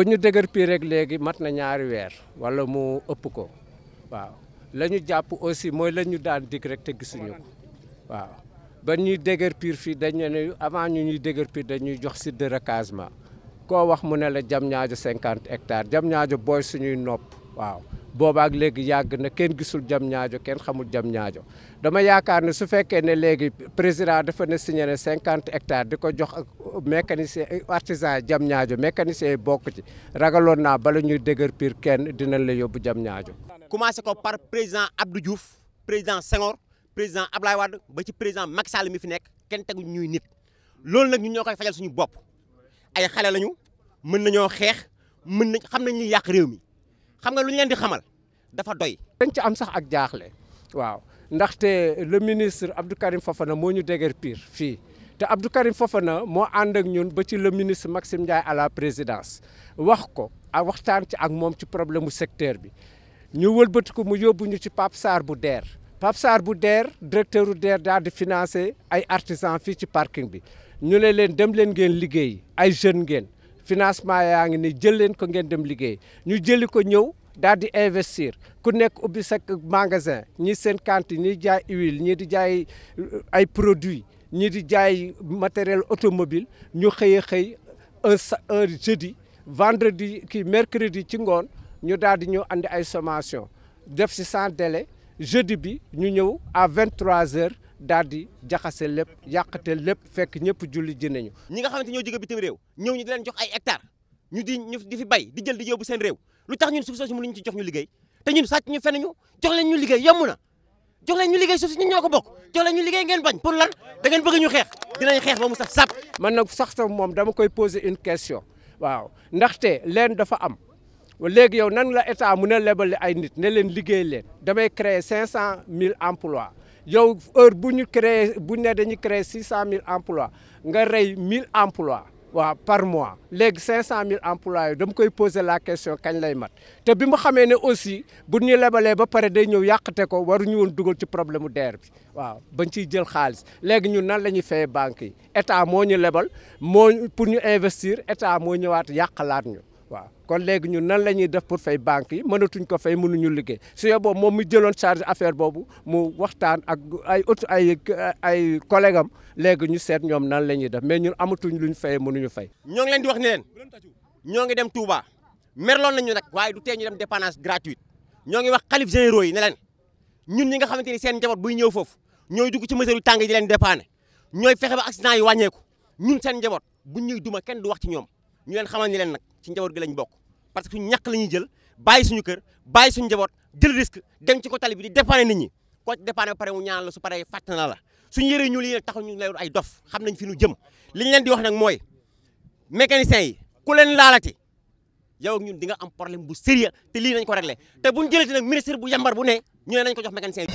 ba ñu dëgër pii rek léegi mat na ñaari weer walla mu ëpp ko waaw lañu jàpp aussi mooy la ñu daan dig rek te gisuñu ko waaw ba ñuy dëgër piir fii dañ ne avant ñu ñuy dëgër pire dañuy jox site de recasement koo wax mu ne la jam ñaajo cinquante hectares jam ñaajo booy suñuy nopp waaw boobaak léegi yàgg na kenn gisul jam ñaajo kenn xamul jam ñaajo dama yaakaar ne su fekkee ne léegi président dafa ne signé ne cinquante hectares di ko jox ak mécanicien artisan jam ñaajo mécanicien yi bokk ragaloon naa bala ñuy dëgër piir kenn dinañ la yóbbu jam ñaajo commencé ko par président Abdou Diouf président Senghor président Ablaye Wade ba ci président Macky Sall mi fi nekk kenn tegu ñuy nit loolu nag ñun ñoo koy fajal suñu bopp ay xale lañu mën nañoo xeex mën nañ xam nañ yàq réew mi xam nga lu ñu leen di xamal dafa doy. dañ ci am sax ak jaaxle waaw ndaxte le ministre Abdou Karim Fofana moo ñu déger piir fii te Abdou Karim Fofana moo ànd ak ñun ba ci le ministre Maxime Ndiaye à la présidence wax ko a waxtaan ci ak moom ci problème mu secteur bi ñu wëlbati ko mu yóbbu ñu ci Pape bu DER. Pape bu DER directeur bu DER daal di ay artisans fii ci parking bi ñu ne leen dem leen ngeen liggéey ay jeunes ngeen. financement yaa ngi ni jël leen ko ngeen dem liggéey ñu jëli ko ñëw daal di investir ku nekk ubbi sa magasin ñi seen cantine ñi jaay huile ñi di jaay euh, ay produits ñi di jaay matériel automobile ñu xëy xëy un un jeudi vendredi kii mercredi ci ngoon ñu daal di ñëw andi ay sommation def si sans dele jeudi bi ñu ñëw à 23 heures. daal di jaxase lépp yàqate lépp fekk ñëpp julli ji nañu ñi nga xam xamante ñoo jóge bitim réew ñoo ñu di leen jox ay hectares ñu di ñu di fi bay di jël di bu seen réew lu tax ñun suuf soosu mënuñu ci jox ñu liggéey te ñun sàcc ñu fenn ñu jox leen ñu liggéey yomb na jox leen ñu liggéey suuf si ñoo ko bokk jox leen ñu liggéey ngeen bañ pour lan da ngeen bëgg ñu xeex dinañ xeex ba mu saf sàpp man nag sax sax moom dama koy poser une question waaw ndaxte leen dafa am léegi yow nan la état mun a lebal ay nit ne leen liggéey leen damay créer cinq cent mille emplois yow heure bu ñu créé bu ñu ne dañuy créé six cent mille emplois nga rey mille emplois waaw par mois léegi cinq cent mille emplois yi dama koy poser la question kañ lay mat te bi mu xamee ne aussi bu ñu lebalee ba pare day ñëw yàqate ko waruñu woon dugal ci problème mu DER bi waaw bañ ciy jël xaalis léegi ñun nan la ñuy fayee banques yi état moo ñu lebal moo pour ñu investir état moo ñëwaat yàqalaat ñu. waaw kon léegi ñun nan la ñuy def pour fay banques yi mënatuñ ko fay mënuñu liggéey si yo boobu moom mu jëloon charge affaire boobu mu waxtaan ak ay auto ay ay collègue am léegi ñu seet ñoom nan la ñuy def mais ñun amatuñ luñ fay mënuñu fay ñoo ngi leen di wax ne leen ñoo ngi dem Touba merloon nañu nag waaye du tee ñu dem dépannage gratuit ñoo ngi wax xalif généraux yi ne leen ñun ñi nga xamante ni seen njaboot buy ñëw foofu ñooy dugg ci mesure yu tàng yi leen dépanner ñooy fexe ba yi wàññeeku ñun seen njaboot bu ñuy duma kenn du wax ci ñoom ñu leen xamal ni leen nag ci njaboot gi lañ bokk parce que suñu ñàkk la jël bàyyi suñu kër bàyyi su njaboot jël risque dem ci ko tali bi di dépanner nit ñi koo ci dépanner ba pare mu ñaan la su paree fàtt na la suñu yëre ñu li ne taxul ñu lay ay dof xam nañ fi ñu jëm li ñu leen di wax nag mooy mécanicien yi ku leen laalati yow ak ñun di nga am problème bu sérieux te lii nañ ko le te buñ jëlati nag ministre bu yambar bu ne ñu ne nañ ko jox mécanicien